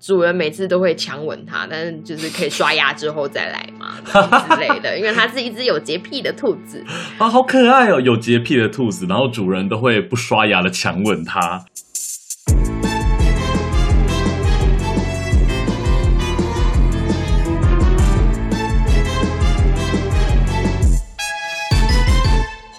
主人每次都會強吻它，但是就是可以刷牙之後再來嘛，然後之類的， 因為它是一隻有潔癖的兔子啊，好可愛哦，有潔癖的兔子，然後主人都會不刷牙的強吻它。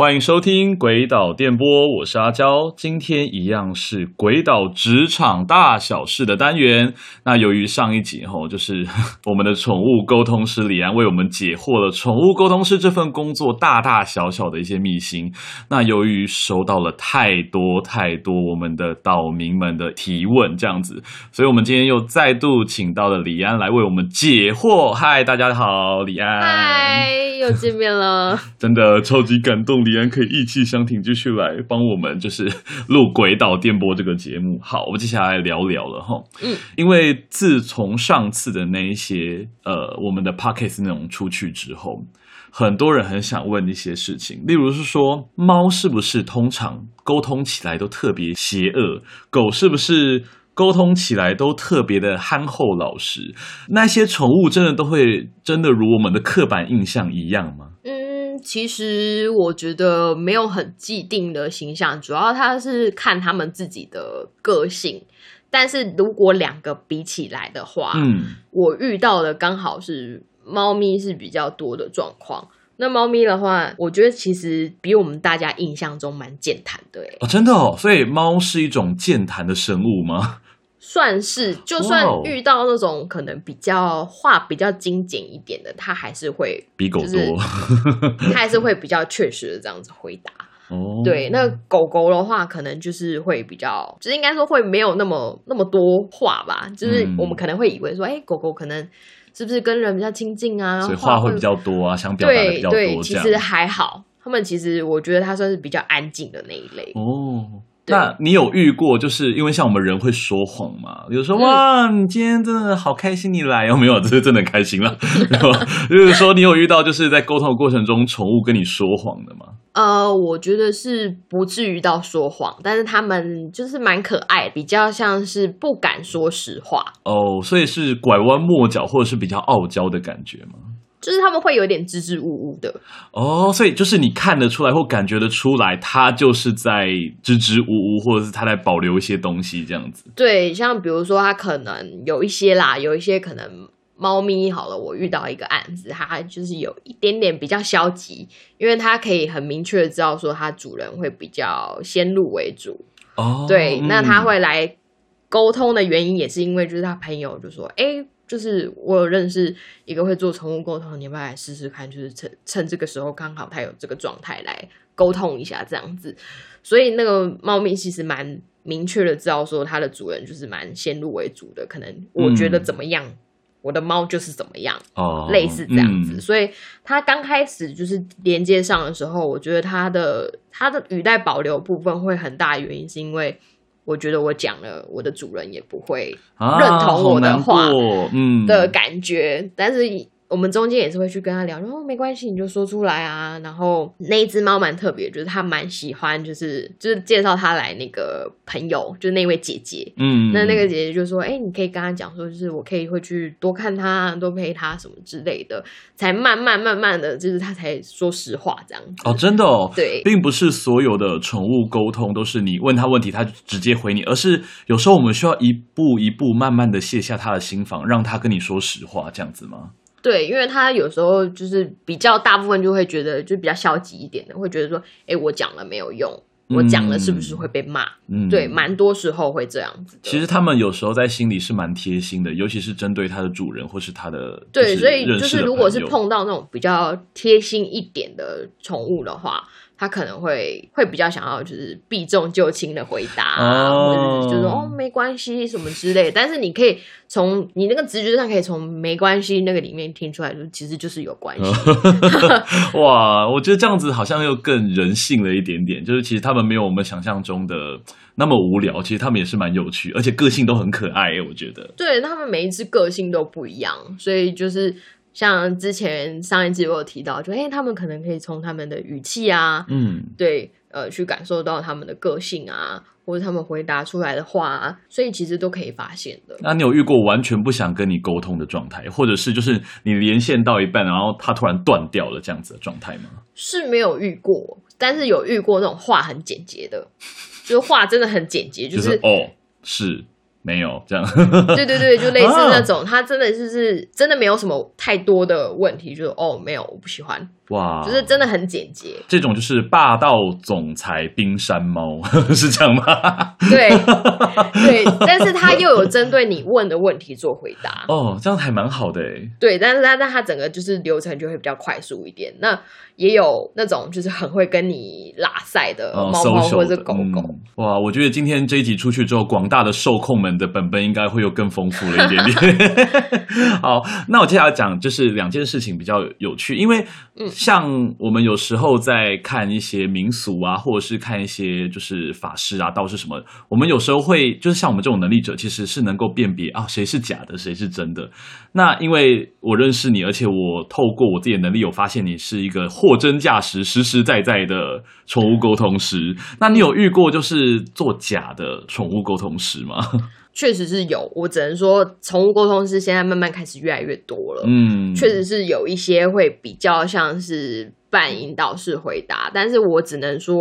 歡迎收聽《詭島電波》，我是阿嬌。今天一樣是詭島職場大小事的單元。那由於上一集吼、哦，就是我們的寵物溝通師李安為我們解惑了寵物溝通師這份工作大大小小的一些秘辛。那由於收到了太多太多我們的島民們的提問，這樣子，所以我們今天又再度請到了李安來為我們解惑。嗨，大家好，李安。嗨。又見面了， 真的超級感動。李安可以意氣相挺，繼續來幫我們，就是錄《詭島電波》這個節目。好，我們接下來聊聊了哈。嗯，因為自從上次的那一些呃，我們的 Podcast 內容出去之後，很多人很想問一些事情，例如是說貓是不是通常溝通起來都特別邪惡，狗是不是？溝通起來都特別的憨厚老實，那些寵物真的都會真的如我們的刻板印象一樣嗎？嗯，其實我覺得沒有很既定的形象，主要它是看他們自己的個性。但是如果兩個比起來的話，嗯，我遇到的剛好是貓咪是比較多的狀況。那貓咪的話，我覺得其實比我們大家印象中蠻健談的、欸、哦，真的哦。所以貓是一種健談的生物嗎？算是，就算遇到那種可能比較話比較精簡一點的，它還是會、就是、比狗多， 它還是會比較確實的這樣子回答。哦、對，那狗狗的話，可能就是會比較，就是應該說會沒有那麼那麼多話吧。就是我們可能會以為說，哎、嗯欸，狗狗可能。是不是跟人比較親近啊？所以話會比較多啊，想表達的比較多這樣。對對。其實還好，他們其實我覺得他算是比較安靜的那一類。哦，對那你有遇過，就是因為像我們人會說謊嘛，比如說，嗯、哇，你今天真的好開心，你來有沒有？這是真的開心了。然後 就是說，你有遇到就是在溝通的過程中，寵物跟你說謊的嗎？呃，uh, 我覺得是不至於到說謊，但是他們就是蠻可愛，比較像是不敢說實話哦，oh, 所以是拐彎抹角或者是比較傲嬌的感覺嗎？就是他們會有點支支吾吾的哦，oh, 所以就是你看得出來或感覺得出來，他就是在支支吾吾，或者是他在保留一些東西這樣子。對，像比如說他可能有一些啦，有一些可能。貓咪好了，我遇到一個案子，它就是有一點點比較消極，因為它可以很明確的知道說，它主人會比較先入為主。哦，oh, 對，嗯、那它會來溝通的原因，也是因為就是他朋友就說，哎、欸，就是我認識一個會做寵物溝通的，你要不要來試試看，就是趁趁這個時候剛好它有這個狀態來溝通一下這樣子。所以那個貓咪其實蠻明確的知道說，它的主人就是蠻先入為主的，可能我覺得怎麼樣、嗯。我的貓就是怎麼樣，oh, 類似這樣子，嗯、所以它剛開始就是連接上的時候，我覺得它的它的語帶保留部分會很大原因，是因為我覺得我講了，我的主人也不會認同我的話、啊，嗯的感覺，嗯、但是。我們中間也是會去跟他聊，然後、說、哦、沒關係，你就說出來啊。然後那一隻貓蠻特別，就是他蠻喜歡，就是就是介紹他來那個朋友，就是、那一位姐姐。嗯，那那個姐姐就說，哎、欸，你可以跟他講說，就是我可以會去多看他、多陪他什麼之類的，才慢慢慢慢的就是他才說實話這樣子。哦，真的哦。對，並不是所有的寵物溝通都是你問他問題，他直接回你，而是有時候我們需要一步一步慢慢的卸下他的心防，讓他跟你說實話這樣子嗎？對，因為他有時候就是比較大部分就會覺得就比較消極一點的，會覺得說，哎，我講了沒有用，我講了是不是會被罵？嗯、對，蠻多時候會這樣子。其實他們有時候在心裡是蠻貼心的，尤其是針對他的主人或是他的，是的。對，所以就是如果是碰到那種比較貼心一點的寵物的話。他可能會會比較想要，就是避重就輕的回答，uh、或者是就是就說哦沒關係什麼之類。但是你可以從你那個直覺上，可以從沒關係那個裡面聽出來，就其實就是有關係。Uh、 哇，我覺得這樣子好像又更人性了一點點。就是其實他們沒有我們想象中的那麼無聊，其實他們也是蠻有趣，而且個性都很可愛、欸。我覺得，對他們每一只個性都不一樣，所以就是。像之前上一集我有提到，就哎、欸，他們可能可以從他們的語氣啊，嗯，對，呃，去感受到他們的個性啊，或者他們回答出來的話，啊，所以其實都可以發現的。那你有遇過完全不想跟你溝通的狀態，或者是就是你連線到一半，然後他突然斷掉了這樣子的狀態嗎？是沒有遇過，但是有遇過那種話很簡潔的，就是、話真的很簡潔，就是、就是、哦，是。沒有這樣、 嗯，對對對，就類似那種，他、oh. 真的是是真的沒有什麼太多的問題，就是哦，沒有，我不喜歡。哇，就是真的很簡潔。這種就是霸道總裁冰山貓是這樣嗎？ 對，對， 但是他又有針對你問的問題做回答。哦，這樣還蠻好的欸。對，但是它，但它整個就是流程就會比較快速一點。那也有那種就是很會跟你拉賽的貓貓或者狗狗。哦，瘦瘦的。嗯。哇，我覺得今天這一集出去之後，廣大的獸控們的本本應該會有更豐富了一點點。 好，那我接下來講就是兩件事情比較有趣，因為嗯。像我們有時候在看一些民俗啊，或者是看一些就是法師啊、道士什麼，我們有時候會就是像我們這種能力者，其實是能夠辨別啊、哦、誰是假的，誰是真的。那因為我認識你，而且我透過我自己的能力有發現你是一個貨真價實、實實在在的寵物溝通師。那你有遇過就是做假的寵物溝通師嗎？確實是有，我只能說寵物溝通師現在慢慢開始越來越多了。嗯，確實是有一些會比較像是半引導式回答，但是我只能說，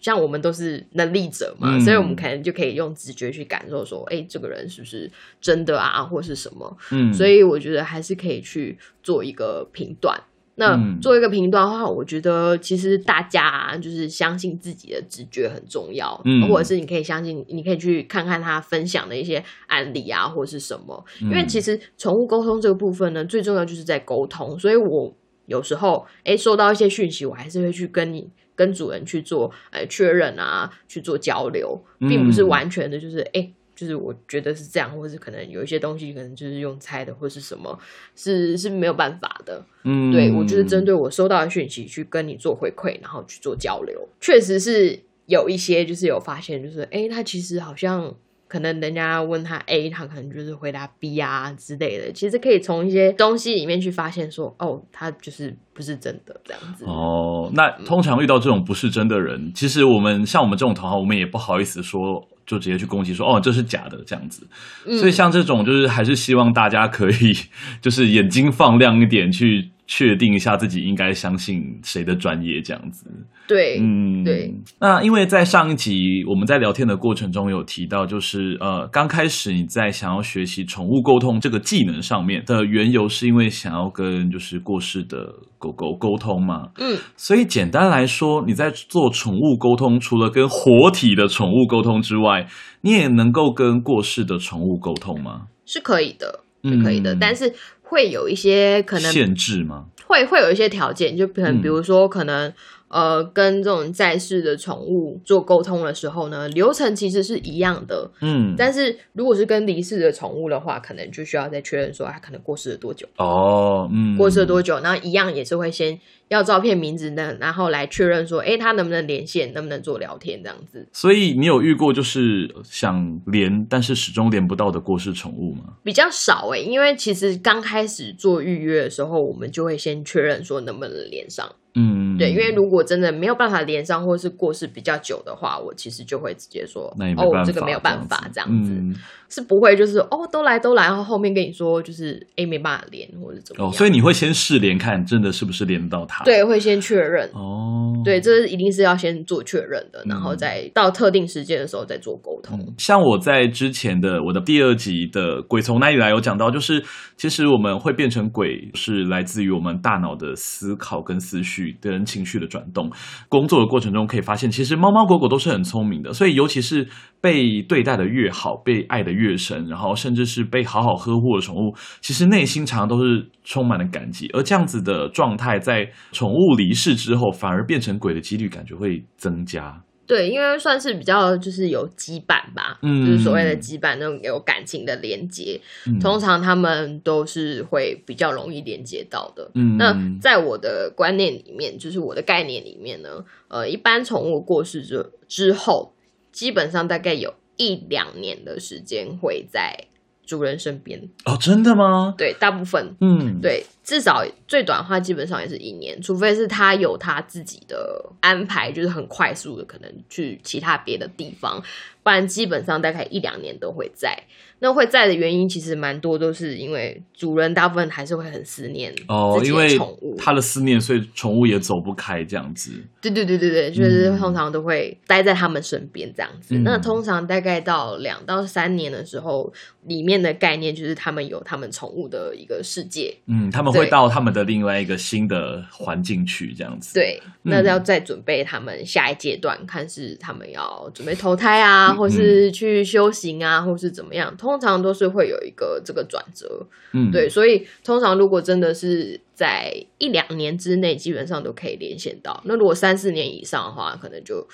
像我們都是能力者嘛，嗯、所以我們可能就可以用直覺去感受說，哎、欸，這個人是不是真的啊，或是什麼？嗯，所以我覺得還是可以去做一個評斷。那做一個評斷的話，嗯、我覺得其實大家、啊、就是相信自己的直覺很重要，嗯，或者是你可以相信，你可以去看看他分享的一些案例啊，或者是什麼。因為其實寵物溝通這個部分呢，最重要就是在溝通。所以我有時候哎、欸、收到一些訊息，我還是會去跟你跟主人去做呃確、欸、認啊，去做交流，並不是完全的就是哎。欸就是我覺得是這樣，或者是可能有一些東西，可能就是用猜的，或者是什麼，是是沒有辦法的。嗯，對，我就是針對我收到的訊息去跟你做回饋，然後去做交流。確實是有一些，就是有發現，就是哎，他其實好像可能人家問他 A，他可能就是回答 B 啊之類的。其實可以從一些東西裡面去發現說，說哦，他就是不是真的這樣子。哦，那通常遇到這種不是真的人，嗯、其實我們像我們這種同行，我們也不好意思說。就直接去攻擊，說哦，這是假的，這樣子。嗯。所以像這種，就是還是希望大家可以，就是眼睛放亮一點去。確定一下自己應該相信誰的專業，這樣子。對，嗯，對。那因為在上一集我們在聊天的過程中有提到，就是呃，剛開始你在想要學習寵物溝通這個技能上面的緣由，是因為想要跟就是過世的狗狗溝通嘛。嗯。所以簡單來說，你在做寵物溝通，除了跟活體的寵物溝通之外，你也能夠跟過世的寵物溝通嗎？是可以的，是可以的，嗯，但是，會有一些可能限制嗎？會會有一些條件，就可能，比如說可能，嗯。呃，跟這種在世的寵物做溝通的時候呢，流程其實是一樣的。嗯，但是如果是跟離世的寵物的話，可能就需要再確認說，它、啊、可能過世了多久。哦，嗯，過世了多久？那一樣也是會先要照片、名字呢，然後來確認說，哎、欸，它能不能連線，能不能做聊天這樣子。所以你有遇過就是想連，但是始終連不到的過世寵物嗎？比較少哎、欸，因為其實剛開始做預約的時候，我們就會先確認說能不能連上。嗯。對，因為如果真的沒有辦法連上，或者是過世比較久的話，我其實就會直接說哦，這個沒有辦法，這樣子、嗯、是不會就是哦，都來都來，然後後面跟你說就是哎，沒辦法連或者怎麼樣。哦，所以你會先試連看，真的是不是連到他？對，會先確認哦。對，這是一定是要先做確認的，嗯、然後再到特定時間的時候再做溝通。嗯、像我在之前的我的第二集的《鬼從哪裡來》有講到，就是其實我們會變成鬼，是來自於我們大腦的思考跟思緒的情緒的轉動，工作的過程中可以發現，其實貓貓狗狗都是很聰明的，所以尤其是被對待的越好，被愛的越深，然後甚至是被好好呵護的寵物，其實內心常常都是充滿了感激。而這樣子的狀態，在寵物離世之後，反而變成鬼的幾率，感覺會增加。對，因為算是比較就是有羈絆吧，嗯，就是所謂的羈絆那種有感情的連接，嗯，通常他們都是會比較容易連接到的。嗯，那在我的觀念裡面，就是我的概念裡面呢，呃，一般寵物過世之之後，基本上大概有一兩年的時間會在。主人身邊哦，真的嗎？對，大部分，嗯，對，至少最短的話，基本上也是一年，除非是他有他自己的安排，就是很快速的，可能去其他別的地方。不然基本上大概一兩年都會在，那會在的原因其實蠻多，都、就是因為主人大部分還是會很思念哦，因為他的思念，所以寵物也走不開這樣子。對對對對對，就是通常都會待在他們身邊這樣子。嗯、那通常大概到兩到三年的時候，裡面的概念就是他們有他們寵物的一個世界。嗯，他們會到他們的另外一個新的環境去這樣子。對，嗯、那就要再準備他們下一階段，看是他們要準備投胎啊。嗯或是去修行啊，嗯、或是怎麼樣，通常都是會有一個這個轉折，嗯，對，所以通常如果真的是在一兩年之內，基本上都可以連線到。那如果三四年以上的話，可能就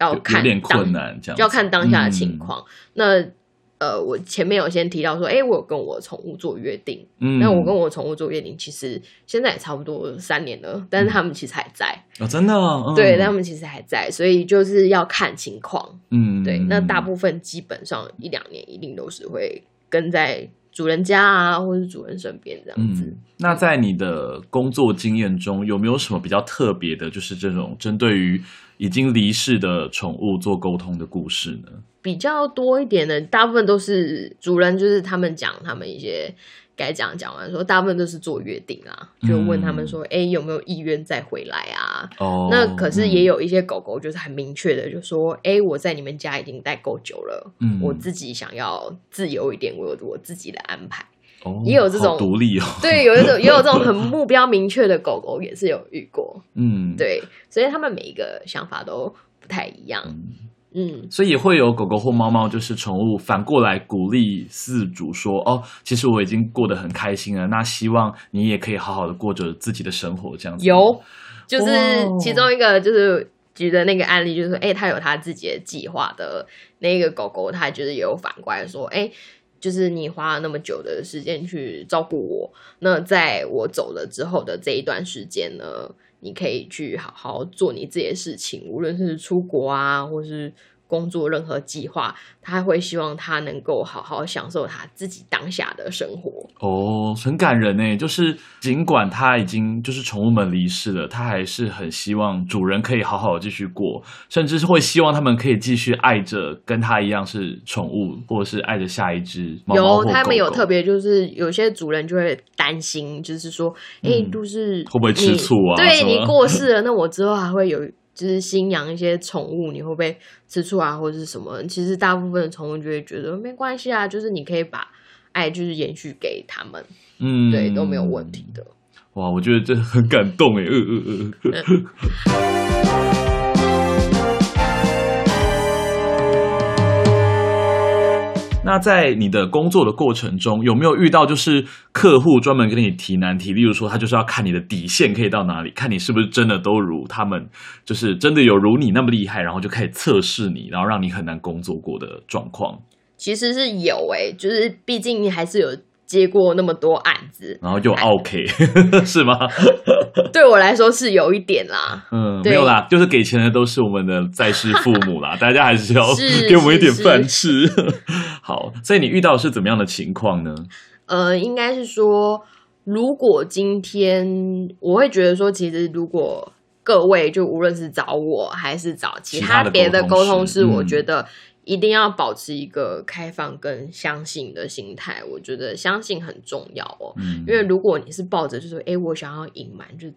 要看有點困難，這樣就要看當下的情況。嗯、那。呃，我前面有先提到說，誒、欸，我有跟我寵物做約定。嗯，那我跟我寵物做約定，其實現在也差不多三年了，但是他們其實還在啊、嗯，哦，真的嗎？哦。嗯、對，但他們其實還在，所以就是要看情況。嗯，對，那大部分基本上一兩年一定都是會跟在主人家啊，或者主人身邊這樣子、嗯。那在你的工作經驗中，有沒有什麼比較特別的，就是這種針對於已經離世的寵物做溝通的故事呢，比較多一點的，大部分都是主人就是他們講他們一些該講講完說，說大部分都是做約定啊，就問他們說，哎、嗯欸，有沒有意願再回來啊？哦，那可是也有一些狗狗就是很明確的就說，哎、嗯欸，我在你們家已經待夠久了，嗯，我自己想要自由一點，我有我自己的安排。也有這種獨、哦、立哦，對，有一種也有這種很目標明確的狗狗也是有遇過，嗯， 對，所以他們每一個想法都不太一樣，嗯，嗯，所以也會有狗狗或貓貓就是寵物反過來鼓勵飼主說，嗯、哦，其實我已經過得很開心了，那希望你也可以好好的過着自己的生活，這樣子。有，就是其中一個就是舉的那個案例，就是說，哎、哦，他、欸、有他自己的計劃的那個狗狗，它就是有反過來說，哎、欸。就是你花了那麼久的時間去照顧我，那在我走了之後的這一段時間呢，你可以去好好做你自己的事情，無論是出國啊，或是。工作任何計劃，他會希望他能夠好好享受他自己當下的生活。哦，oh, 很感人哎！就是儘管他已經就是寵物們離世了，他還是很希望主人可以好好繼續過，甚至是會希望他們可以繼續愛着跟他一樣是寵物，或者是愛着下一只貓貓狗狗。有他們有特別，就是有些主人就會擔心，就是說，哎、嗯，就是會不會吃醋啊？你，對，是嗎？你過世了，那我之後還會有？就是新養一些寵物，你會不會吃醋啊，或者是什麼？其實大部分的寵物就會覺得沒關係啊，就是你可以把愛就是延續給他們，嗯，對，都沒有問題的。哇，我覺得真的很感動哎， 嗯 那在你的工作的過程中，有沒有遇到就是客戶專門跟你提難題？例如說，他就是要看你的底線可以到哪裡，看你是不是真的都如他們，就是真的有如你那麼厲害，然後就開始測試你，然後讓你很難工作過的狀況？其實是有哎、欸，就是畢竟你還是有接過那麼多案子，然後就 OK 子 是嗎、嗯？對我來說是有一點啦，嗯，對沒有啦，就是給錢的都是我們的在世父母啦， 大家還是要給我們一點飯吃。 好，所以你遇到是怎麼樣的情況呢？呃，應該是說，如果今天我會覺得說，其實如果各位就無論是找我還是找其他別的溝通師、嗯、我覺得一定要保持一個開放跟相信的心態。我覺得相信很重要哦，嗯、因為如果你是抱着就是說誒、欸，我想要隱瞞就。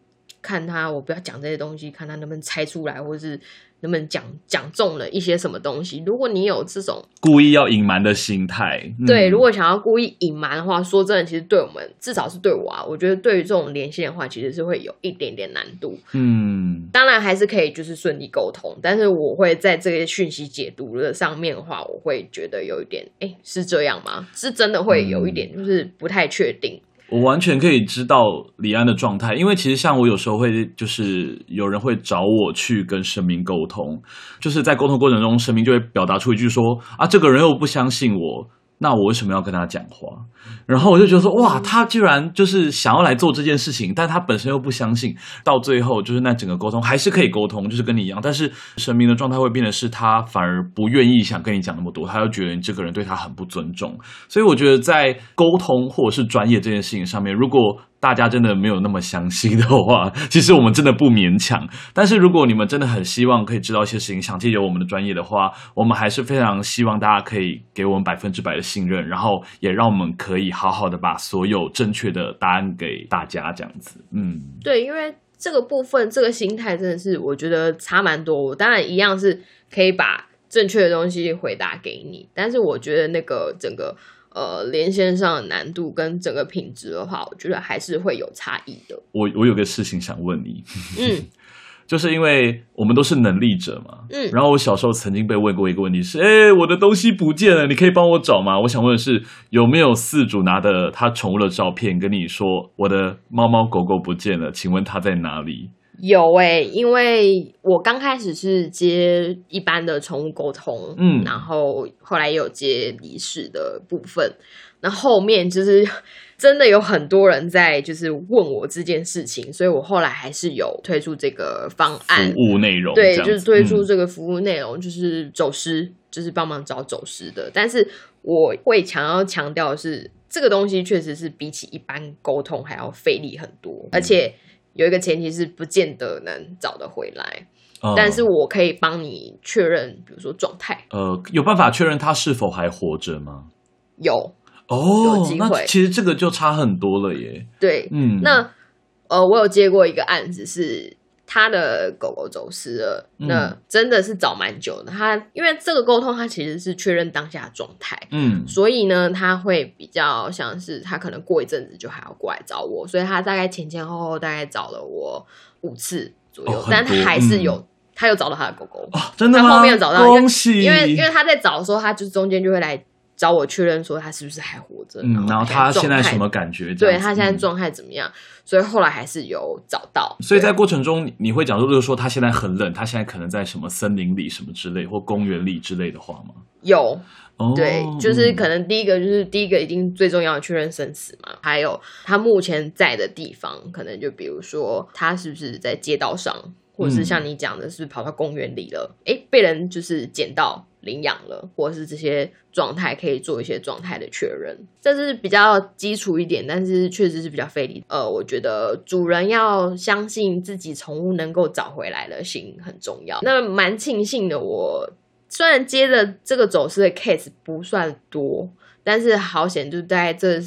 看他，我不要講這些東西，看他能不能猜出來，或者是能不能講講中了一些什麼東西。如果你有這種故意要隱瞞的心態，嗯、對，如果想要故意隱瞞的話，說真的，其實對我們至少是對我，啊。我覺得對於這種連線的話，其實是會有一點點難度。嗯，當然還是可以就是順利溝通，但是我會在這些訊息解讀的上面的話，我會覺得有一點，誒、欸，是這樣嗎？是真的會有一點，就是不太確定。嗯我完全可以知道李安的狀態，因為其實像我有時候會，就是有人會找我去跟神明溝通，就是在溝通過程中，神明就會表達出一句說啊，這個人又不相信我。那我為什麼要跟他講話？然後我就覺得說，哇，他居然就是想要來做這件事情，但他本身又不相信。到最後，就是那整個溝通還是可以溝通，就是跟你一樣。但是，神明的狀態會變得是他反而不願意想跟你講那麼多，他就覺得你這個人對他很不尊重。所以，我覺得在溝通或者是專業這件事情上面，如果大家真的沒有那麼相信的話，其實我們真的不勉強。但是如果你們真的很希望可以知道一些事情，想借由我們的專業的話，我們還是非常希望大家可以給我們百分之百的信任，然後也讓我們可以好好的把所有正確的答案給大家這樣子。嗯，對，因為這個部分這個心態真的是我覺得差蠻多。我當然一樣是可以把正確的東西回答給你，但是我覺得那個整個。呃，連線上的難度跟整個品質的話，我覺得還是會有差異的。我我有個事情想問你，嗯， 就是因為我們都是能力者嘛，嗯。然後我小時候曾經被問過一個問題是：哎、欸，我的東西不見了，你可以幫我找嗎？我想問的是，有沒有飼主拿的他寵物的照片跟你說，我的貓貓狗狗不見了，請問它在哪裡？有誒、欸，因為我剛開始是接一般的寵物溝通，嗯，然後後來也有接離世的部分，那後，後面就是真的有很多人在就是問我這件事情，所以我後來還是有推出這個方案服務內容，對，嗯、就是推出這個服務內容，就是走失，就是幫忙找走失的。但是我會強要強調的是這個東西確實是比起一般溝通還要費力很多，嗯、而且。有一個前提是不見得能找得回來，哦、但是我可以幫你確認，比如說狀態。呃，有辦法確認他是否還活着嗎？有哦，有機會。那其實這個就差很多了耶。嗯、對，嗯，那呃，我有接過一個案子是。他的狗狗走失了，那真的是找蠻久的。他、嗯、因為這個溝通，他其實是確認當下狀態，嗯，所以呢，他會比較像是他可能過一陣子就還要過來找我，所以他大概前前後後大概找了我五次左右，哦嗯、但他還是有，他又找到他的狗狗，哦、真的嗎？他後面找到。因為，恭喜，因為，因為他在找的時候，他就是中間就會來。找我確認說他是不是還活着、嗯，然後他現在什麼感覺？對，他現在狀態怎麼樣？所以後來還是有找到。嗯、所以在過程中，你會講說，就是說他現在很冷，他現在可能在什麼森林裡、什麼之類，或公園裡之類的話嗎？有，oh, 對，就是可能第一個就是第一個，一定最重要的確認生死嘛。還有他目前在的地方，可能就比如說他是不是在街道上，或者是像你講的是跑到公園裡了？誒、嗯欸，被人就是撿到。領養了，或是這些狀態可以做一些狀態的確認，這是比較基礎一點，但是確實是比較費力。呃，我覺得主人要相信自己寵物能夠找回來的心很重要。那蠻慶幸的，我雖然接着這個走失的 case 不算多，但是好險，就大概這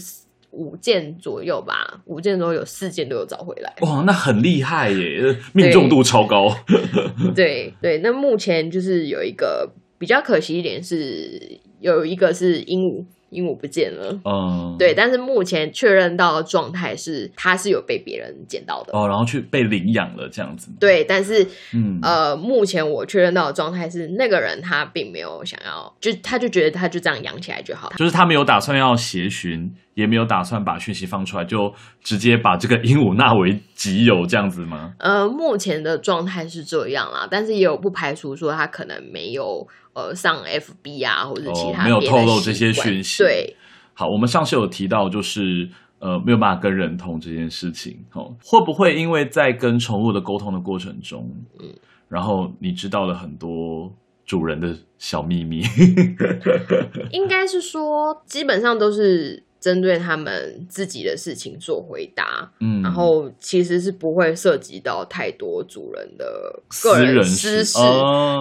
五件左右吧，五件中有四件都有找回來。哇，那很厲害耶，命中度超高。對對，那目前就是有一個。比較可惜一點是有一個是鸚鵡，鸚鵡不見了。嗯，對，但是目前確認到的狀態是它是有被別人撿到的哦，然後去被領養了這樣子。對，但是，嗯、呃，目前我確認到的狀態是那個人他並沒有想要，就他就覺得他就這樣養起來就好，就是他沒有打算要協尋。也沒有打算把訊息放出來，就直接把這個鸚鵡納為己有這樣子嗎？呃，目前的狀態是這樣啦，但是也有不排除說他可能沒有呃上 FB 啊，或者其他、哦、沒有透露這些訊息。對，好，我們上次有提到，就是呃沒有辦法跟人通這件事情，哦，會不會因為在跟寵物的溝通的過程中，嗯，然後你知道了很多主人的小祕密？ 應該是說，基本上都是。針對他們自己的事情做回答，嗯，然後其實是不會涉及到太多主人的個人私事，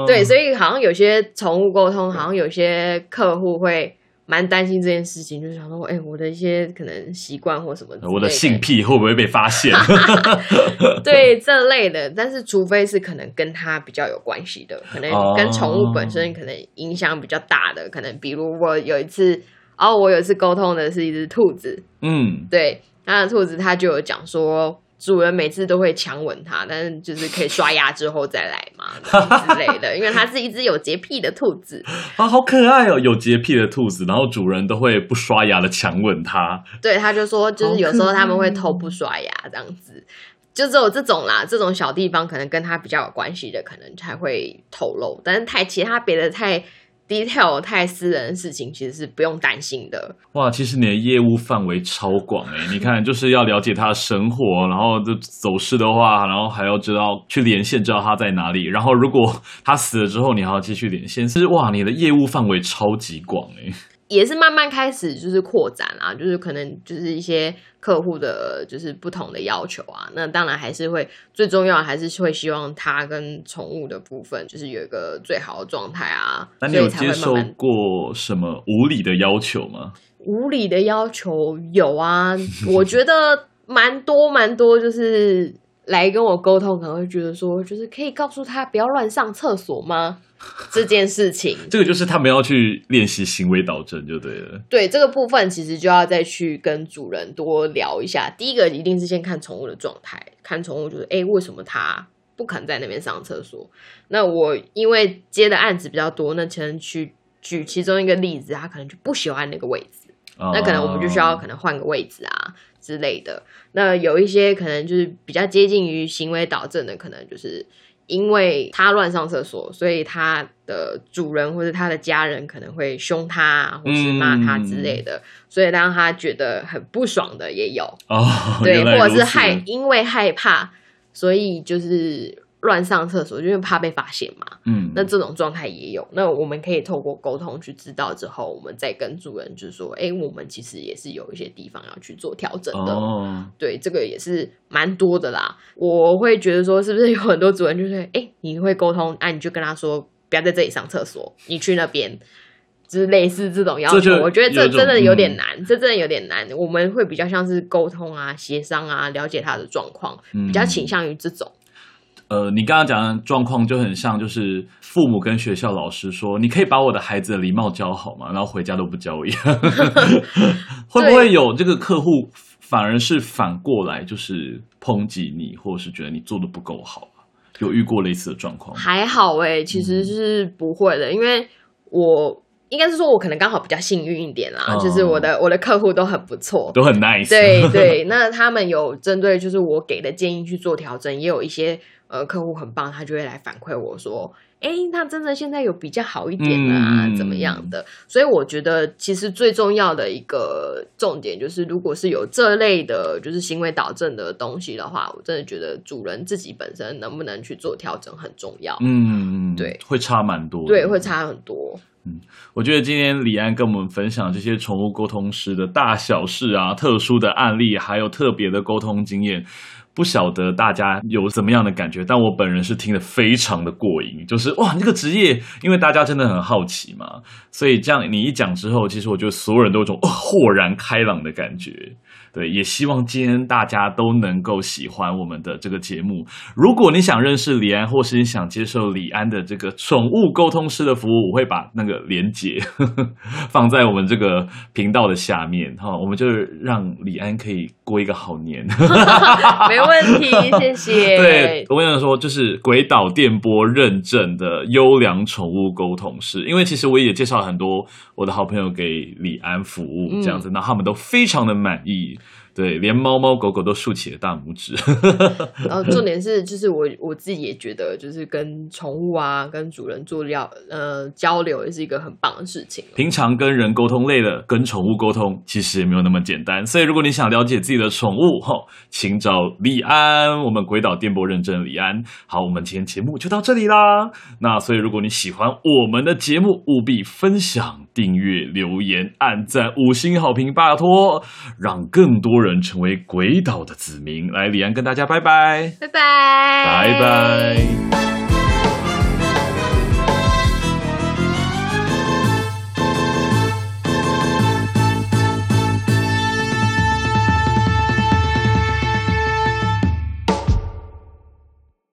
對，所以好像有些寵物溝通，好像有些客戶會蠻擔心這件事情，嗯，就想說，欸，我的一些可能習慣或什麼的，我的性癖會不會被發現？ 對，這類的，但是除非是可能跟他比較有關係的，可能跟寵物本身可能影響比較大的，可能比如我有一次。然後、哦、我有一次溝通的是一隻兔子，嗯，對，那個、兔子它就有講說，主人每次都會強吻它，但是就是可以刷牙之後再來嘛之類的， 因為它是一隻有潔癖的兔子啊，好可愛哦、喔，有潔癖的兔子，然後主人都會不刷牙的強吻它，對，他就說就是有時候他們會偷不刷牙這樣子，就只有這種啦，這種小地方可能跟他比較有關係的，可能才會透露，但是太其他別的太。太私人的事情其實是不用擔心的。哇，其實你的業務範圍超廣、欸、 你看，就是要了解他的生活，然後就走失的話，然後還要知道去連線，知道他在哪裡，然後如果他死了之後，你還要繼續連線。其實哇，你的業務範圍超級廣、欸也是慢慢開始，就是擴展啊，就是可能就是一些客戶的，就是不同的要求啊。那當然還是會，最重要的還是會希望他跟寵物的部分，就是有一個最好的狀態啊。那你有接受過什麼無理的要求嗎？無理的要求有啊，我覺得蠻多蠻多，就是。來跟我溝通，可能會覺得說，就是可以告訴他不要亂上廁所嗎？ 這件事情，這個就是他們要去練習行為導正就對了。對，這個部分其實就要再去跟主人多聊一下。第一個一定是先看寵物的狀態，看寵物就是，哎，為什麼它不肯在那邊上廁所？那我因為接的案子比較多，那先去舉其中一個例子，他可能就不喜歡那個位置，oh. 那可能我們就需要可能換個位置啊。之類的，那有一些可能就是比較接近於行為導正的，可能就是因為他亂上廁所，所以他的主人或者他的家人可能會凶他，或是罵他之類的，嗯、所以讓他覺得很不爽的也有、哦、對，或者是害因為害怕，所以就是。亂上廁所，因為怕被發現嘛。嗯，那這種狀態也有。那我們可以透過溝通去知道之後，我們再跟主人就是說，哎，我們其實也是有一些地方要去做調整的。哦，哦對，這個也是蠻多的啦。我會覺得說，是不是有很多主人就是，哎，你會溝通，哎、啊，你就跟他說，不要在這裡上廁所，你去那邊，就是類似這種要求。我覺得這真的有點難，嗯、這真的有點難。我們會比較像是溝通啊、協商啊、了解他的狀況，比較傾向於這種。呃，你剛剛講的狀況就很像，就是父母跟學校老師說，你可以把我的孩子的禮貌教好嗎？然後回家都不教一樣， 會不會有這個客戶反而是反過來就是抨擊你，或者是覺得你做得不夠好？有遇過類似的狀況？還好誒、欸、其實是不會的，因為我應該是說，我可能剛好比較幸運一點啦，嗯、就是我的我的客戶都很不錯，都很 nice。對對，那他們有針對就是我給的建議去做調整，也有一些。呃，客戶很棒，他就會來反饋我說，哎、欸，那真的現在有比較好一點的，啊、嗯、怎麼樣的？所以我覺得其實最重要的一個重點就是，如果是有這類的，就是行為導正的東西的話，我真的覺得主人自己本身能不能去做調整很重要。嗯，對，會差蠻多。對，會差很多。嗯，我覺得今天李安跟我們分享這些寵物溝通師的大小事啊，特殊的案例，還有特別的溝通經驗。不曉得大家有怎麼樣的感覺，但我本人是聽得非常的過癮，就是哇，這、那個職業，因為大家真的很好奇嘛，所以這樣你一講之後，其實我覺得所有人都有種、哦、豁然開朗的感覺。對，也希望今天大家都能夠喜歡我們的這個節目。如果你想認識李安，或是你想接受李安的這個寵物溝通師的服務，我會把那個鏈接，呵呵，放在我們這個頻道的下面哈。我們就是讓李安可以。過一個好年， 沒問題，謝謝。 對，我想說，就是詭島電波認證的優良寵物溝通師，因為其實我也介紹很多我的好朋友給李安服務，這樣子，那、嗯、他們都非常的滿意。對，連貓貓狗狗都豎起了大拇指。然 後、呃、重點是，就是我我自己也覺得，就是跟寵物啊， 跟主人做交呃交流，也是一個很棒的事情哦。平常跟人溝通累了，跟寵物溝通其實也沒有那麼簡單。所以如果你想了解自己的寵物，吼、哦，請找李安，我們詭島電波認證李安。好，我們今天節目就到這裡啦。那所以如果你喜歡我們的節目，務必分享。訂閱、留言、按讚、五星好評，拜托，讓更多人成為詭島的子民。來，李安跟大家拜拜，拜拜，拜拜。拜拜拜拜。